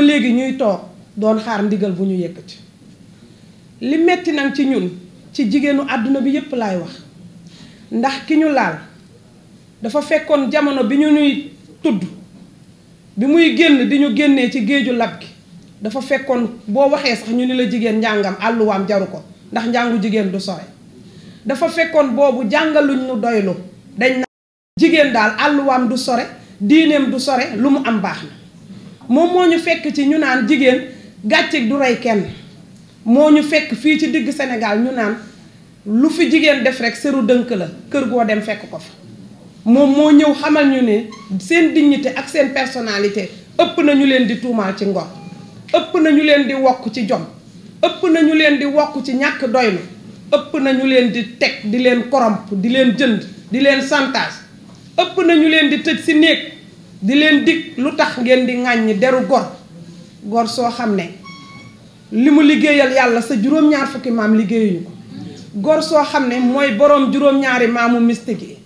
léegi ñuy toog doon xaar ndigal bu ñu yëkkati li metti nag ci ñun ci jigéenu àdduna bi yépp laay wax ndax ki ñu laal dafa fekkoon jamono bi ñu ñuy tudd bi muy génn di ñu génnee ci géeju lab gi dafa fekkoon boo waxee sax ñu ni la jigéen njàngam àlluwaam jaru ko ndax njàngu jigéen du sore dafa fekkoon boobu jàngaluñ nu doylu dañ na jigéen daal àlluwaam du sore diineem du sore lu mu am baax na moom moo ñu fekk ci ñu naan jigéen gàcce du rey kenn moo ñu fekk fii ci diggu Sénégal ñu naan lu fi jigéen def rek seru dënk la kër goo dem fekk ko fa moom moo ñëw xamal ñu ne seen dignité ak seen personnalité ëpp na ñu leen di tuumaal ci ngor ëpp na ñu leen di wokk ci jom ëpp na ñu leen di wokk ci ñàkk doylu ëpp na ñu leen di teg di leen corrompre di leen jënd di leen chantage ëpp na ñu leen di tëj ci néeg di leen digg lu tax ngeen di ŋàññi deru gor gor soo xam ne li mu liggéeyal yàlla sa juróom-ñaar fukki maam liggéeyuñu ko gor soo xam ne mooy boroom juróom-ñaari maamu mystique yi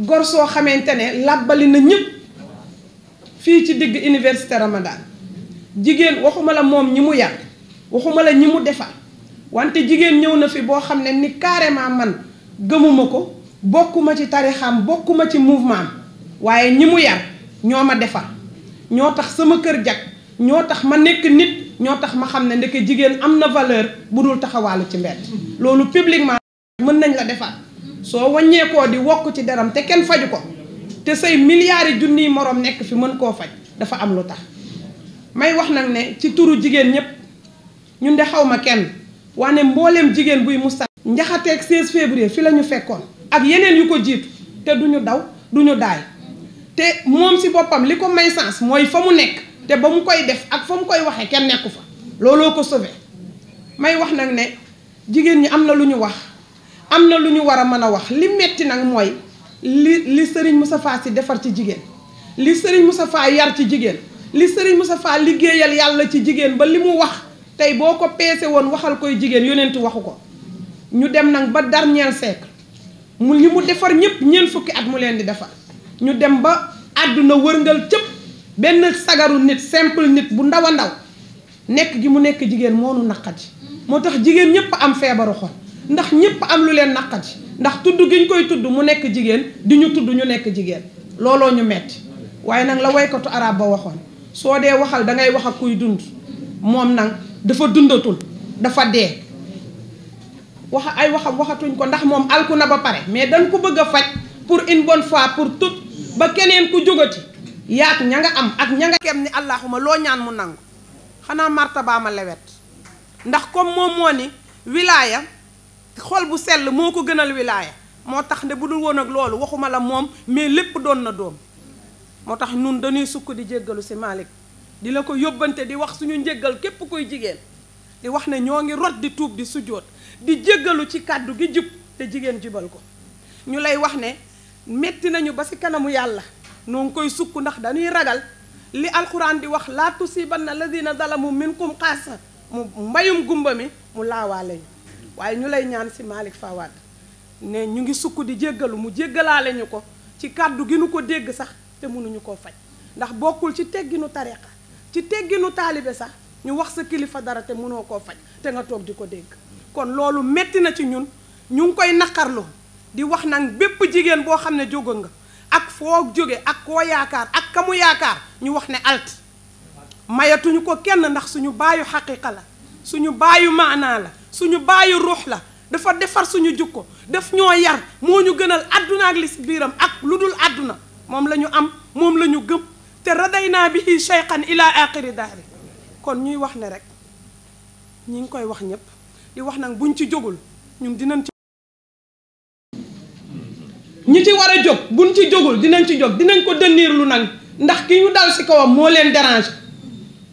gor soo xamante ne làbbali na ñëpp fii ci digg université Ramadan jigéen waxuma la moom ñi mu yar waxuma la ñi mu defar wante jigéen ñëw na fi boo xam ne ni carrément man gëmuma ko bokkuma ci tarixam bokkuma ci mouvement waaye ñi mu yar ñoo ma defar ñoo tax sama kër jag ñoo tax ma nekk nit ñoo tax ma xam ne ndeke jigéen am na valeur bu dul taxawaalu ci mbedd loolu publiquement mën nañ la defar soo wàññeekoo di wokk ci deram te kenn faju ko te say milliards yi junniy moroom nekk fi mën koo faj dafa am lu tax may wax nag ne ci turu jigéen ñëpp ñun de xaw ma kenn ne mbooleem jigéen buy mu musta njaxateeg 16 février fi la ñu fekkoon ak yeneen yu ko jiitu te duñu daw duñu daay te moom si boppam li ko may sens mooy fa mu nekk te ba mu koy def ak fa mu koy waxee kenn nekku fa looloo ko sauvé may wax nag ne jigéen ñi am na lu ñu wax am na lu ñu war a mën a wax li metti nag mooy li li Serigne Moustapha Sy defar ci jigéen li Serigne Moustapha yar ci jigéen li Serigne Moustapha liggéeyal yàlla ci jigéen ba li mu wax tey boo ko peese woon waxal koy jigéen yonent waxu ko ñu dem nag ba dernier siècle mu li mu defar ñëpp ñeent fukki at mu leen di defar ñu dem ba àdduna wërngal cëpp benn sagaru nit simple nit bu ndaw a ndaw nekk gi mu nekk jigéen moonu naqadi moo tax jigéen ñëpp am feebaru xol ndax ñépp am lu leen naqadi ndax tudd gi ñu koy tudd mu nekk jigéen di ñu tudd ñu nekk jigéen looloo ñu metti waaye nag la woykatu araab ba waxoon soo dee waxal da wax ak kuy dund moom nag dafa dundatul dafa dee wax ay waxam waxatuñ ko ndax moom alku na ba pare mais dañ ko bëgg faj pour une bonne fois ba keneen ku jógati yaak ña nga am ak ña nga kem ni allahuma loo ñaan mu nangu xanaa martabaa ma lewet ndax comme moom moo ni wilaaya xol bu sell moo ko gënal wilaaya moo tax ne bu dul woon ak loolu waxuma la moom mais lépp doon na doom moo tax nun dañuy sukk di jéggalu si Malick di la ko yóbbante di wax suñu njéggal képp koy jigéen di wax ne ñoo ngi rot di tuub di sujjóot di jéggalu ci kàddu gi jub te jigéen jubal ko ñu lay wax ne metti nañu ba ci kanamu yàlla noo ngi koy sukk ndax dañuy ragal li alxuraan di wax laatu na laa tusibanna lazina zalamu minkum xaasa mu mbayum gumba mi mu laawaale ñu waaye ñu lay ñaan si Malick fawaat ne ñu ngi sukk di jéggalu mu jéggalaale ñu ko ci kàddu gi nu ko dégg sax te mënuñu koo faj ndax bokkul ci tegginu tariqa ci tegginu taalibe sax ñu wax sa kilifa dara te mënoo koo faj te nga toog di ko dégg kon loolu metti na ci ñun ñu ngi koy naqarlu di wax nag bépp jigéen boo xam ne jógal nga ak foo jóge ak koo yaakaar ak kamu yaakaar ñu wax ne alt mayatuñu ko kenn ndax suñu baayu xaqiqa la suñu baayu maanaa la suñu baayu ruux la dafa defar suñu jukko daf ñoo yar moo ñu gënal àdduna ak lis biiram ak lu dul àdduna moom la ñu am moom la ñu gëm te raday naa bi bihi shayqan ilaa aaxiri daal kon ñuy wax ne rek ñi ngi koy wax ñépp di wax nag buñ ci jógul ñun dinañ ci ñi ci war a jóg buñ ci jógul dinañ ci jóg dinañ ko dënniir lu nag ndax ki ñu dal si kawam moo leen dérange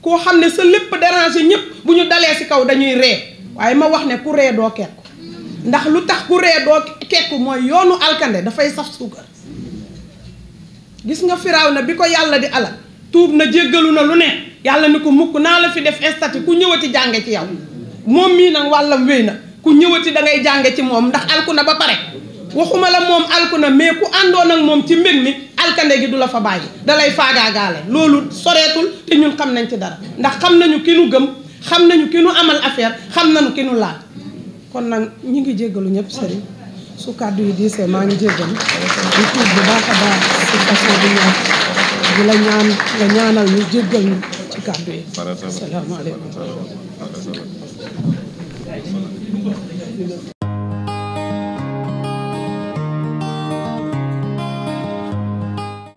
koo xam ne sa lépp dérange ñëpp bu ñu dalee si kaw dañuy ree waaye ma wax ne ku ree doo kekku ndax lu tax ku ree doo kekku mooy yoonu alkande dafay saf suukar gis nga firaaw na bi ko yàlla di alal tuub na jéggalu na lu ne yàlla ni ko mukk naa la fi def estati ku ñëwati jànge ci yow moom mii nag wàllam wéy na ku ñëwati da ngay jànge ci moom ndax alku na ba pare waxuma la moom alku na mais ku àndoon ak moom ci mbir mi alkande gi du la fa bàyyi dalay lay faagaagaale loolu soreetul te ñun xam nañ ci dara ndax xam nañu ki nu gëm xam nañu ki nu amal affaire xam nañu ki nu laal kon nag ñu ngi jéggalu ñëpp sëriñ su kàddu yi diisee maa ngi jéggalu di tuub bu baax a baax ci façon bi ñaan di la ñaan la ñaanal ñu jéggal ñu ci kàddu yi asalaamaaleykum